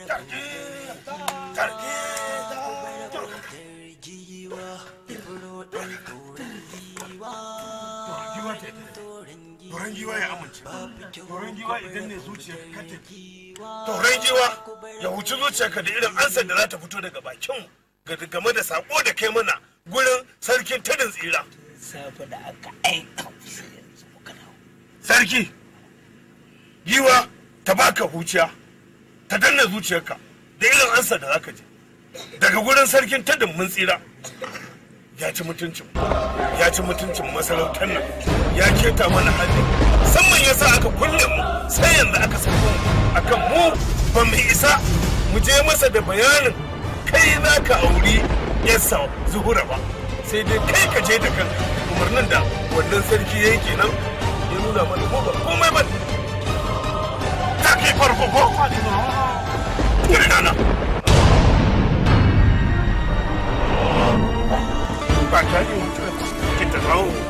Toren giwa ya amince. Toren zuciyar ka da irin da za ta fito daga bakinmu game da sako da kai mana gurin sarkin tsira. Sarki, giwa ta baka huciya. ta danna zuciyarka da irin ansa da zaka je daga gurin sarkin ta mun tsira ya ci mutuncin ya ci mutuncin masarautar nan ya keta mana hajji musamman ya sa aka kulle mu sai yanzu aka sako mu akan mu ba mu isa mu je masa da bayanin kai za ka auri yasa zuhura ba sai dai kai ka je da kan umarnin da wannan sarki ya yi kenan ya nuna mana ko ba komai ba ta kai farko ko get the loan.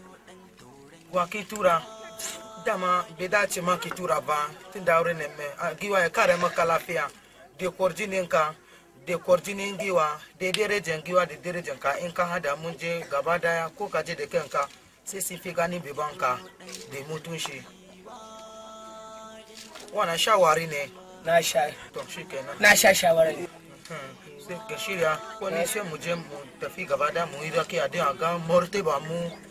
wa ki tura dama beda dace ma ki tura ba tun da wuri ne mai a giwa ya kare maka lafiya de kwarjinin ka de kwarjinin giwa da derejen giwa da derejen ka in ka hada mun je gaba daya ko ka je da kanka sai sun fi gani biban ka mutun shi wannan shawari ne na sha to shi kenan na sha shawari hmm, sai ka shirya ko ne sai mu je mu tafi gaba daya mu yi rakiya don a ga morte ba mu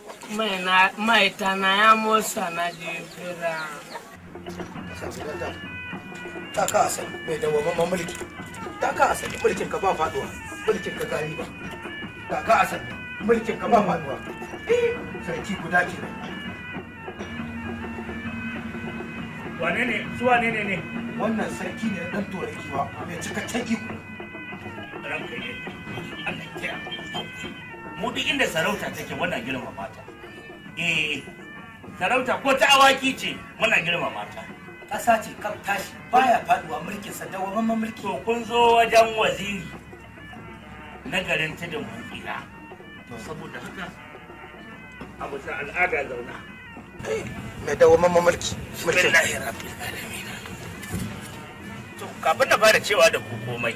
maita na ya musa na jefira ta ka asali mai dawamamman mulki ta ka asali mulkin ka ba faduwa mulkin ka gari ba ta ka asali mulkin ka ba faduwa eh, sarki guda ke wane ne zuwa ne ne ne wannan sarki ne dan turakiwa mai cikakken iko ranka ne mu duk inda sarauta take wannan girmama ta Eh, sarauta ko ta awaki ce muna girma mata ƙasa ce kam tashi baya faduwa mulkin sa dawamamman mulki to kun zo wajen waziri na garin tudun mafira to saboda haka abu ta al'ada zauna eh, mai dawamamman mulki mulkin lahira to kafin na fara cewa da ku komai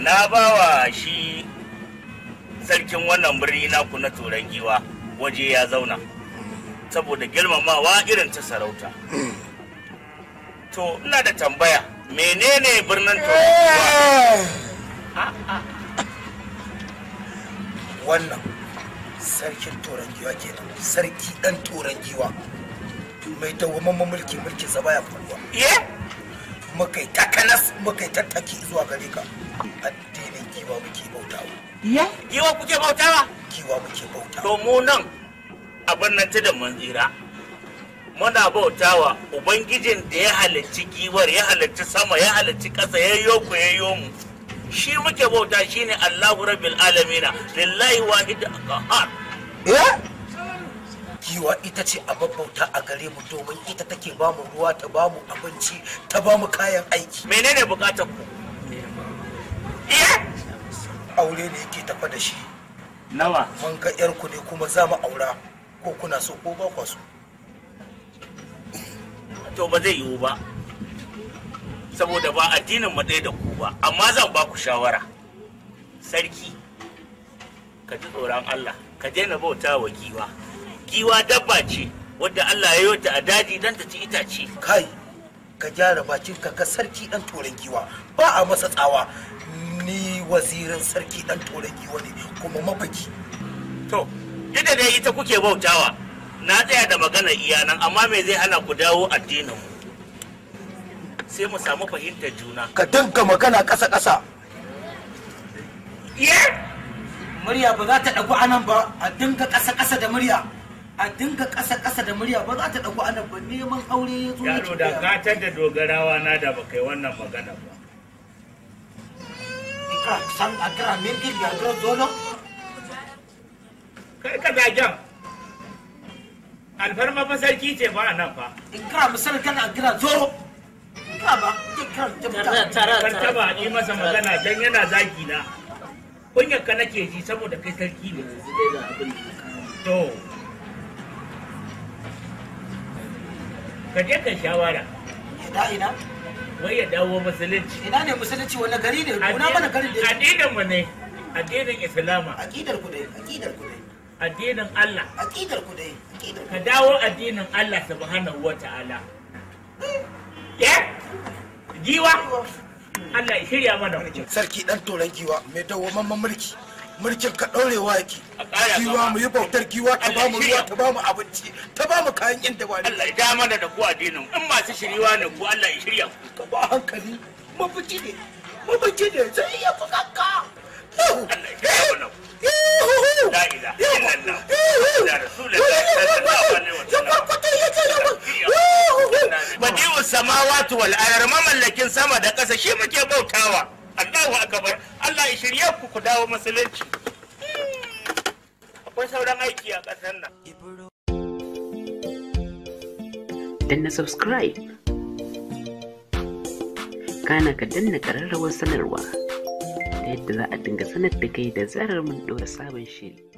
na bawa shi sarkin wannan birni naku na turan giwa waje ya zauna saboda girmamawa irin ta sarauta to ina da tambaya menene birnin toronto wannan sarkin toron giwa kenan sarki dan toron giwa mai dawwamamman mulki mulkin zaba ya faruwa eh? Makai ta takanas makai tattaki zuwa gare ka addinin giwa muke bautawa giwa kuke bautawa kiwa muke bauta to mu nan abin nan da manzira muna bautawa ubangijin da ya halarci giwar ya halarci sama ya halarci ƙasa ya yo ku ya yo mu shi muke bauta shi ne Allahu rabbil alamina lillahi wahid qahar eh giwa ita ce a bauta a gare mu domin ita take ba mu ruwa ta ba mu abinci ta ba mu kayan aiki menene bukatar ku aure ne yake tafa da shi nawa mun ga yar ku ne kuma za mu aura ko kuna so ko ba kwa so to ba zai yiwu ba saboda ba addinin mu ɗaya da ku ba amma zan ba ku shawara sarki ka ji tsoron Allah ka daina bauta wa giwa giwa dabba ce wadda Allah ya yi a daji dan ta ci itace kai ka gyara bakin ka ka sarki dan turan giwa ba a masa tsawa ni wazirin sarki dan toraki wani kuma mafaki to ita dai ita kuke bautawa na tsaya da magana iyanan amma me zai hana ku dawo addinin mu sai mu samu fahimtar juna ka dinka magana ƙasa ƙasa ye murya ba za ta ɗagu anan ba a dinka ƙasa ƙasa da murya a dinka ƙasa ƙasa da murya ba za ta ɗagu anan ba neman aure ya zo yaro da gatar da dogarawa na da bakai wannan magana ba agra san agra mingi bi agra zolo kai ka zagen alfarma fa sarki ce ba nan fa ikra misal kana agra zolo ikra ba ikra tara tara taba yi masa magana dan yana zagi na kunyar ka nake ji saboda kai sarki ne to ka je ka shawara ina ina wai ya dawo musulunci ina ne musulunci wani gari ne kuna mana gari ne. addinin mu ne addinin islama aqidar ku dai aqidar ku dai addinin Allah aqidar ku dai aqidar ka dawo addinin Allah subhanahu wataala ya giwa Allah ya shirya mana sarki dan toran giwa mai dawo mamman mulki mulkin ka ɗaure yake kiwa mu yi bautar kiwa ta bamu ruwa ta bamu abinci ta bamu kayan inda wani Allah ya dama da ku addinin in masu shiriwa ne ku Allah ya shirya ku ka ba hankali mafici ne mafici ne zai iya fukanka Allah ya shirya ku sallallahu alaihi mamallakin sama da ƙasa shi muke bautawa Allahu akbar Allah ya shirye ku ku dawo musulunci akwai sauran aiki a ƙasar nan danna subscribe kana ka danna ƙararrawar sanarwa ta yadda za a dinga sanar da kai da zarar mun ɗora sabon shiri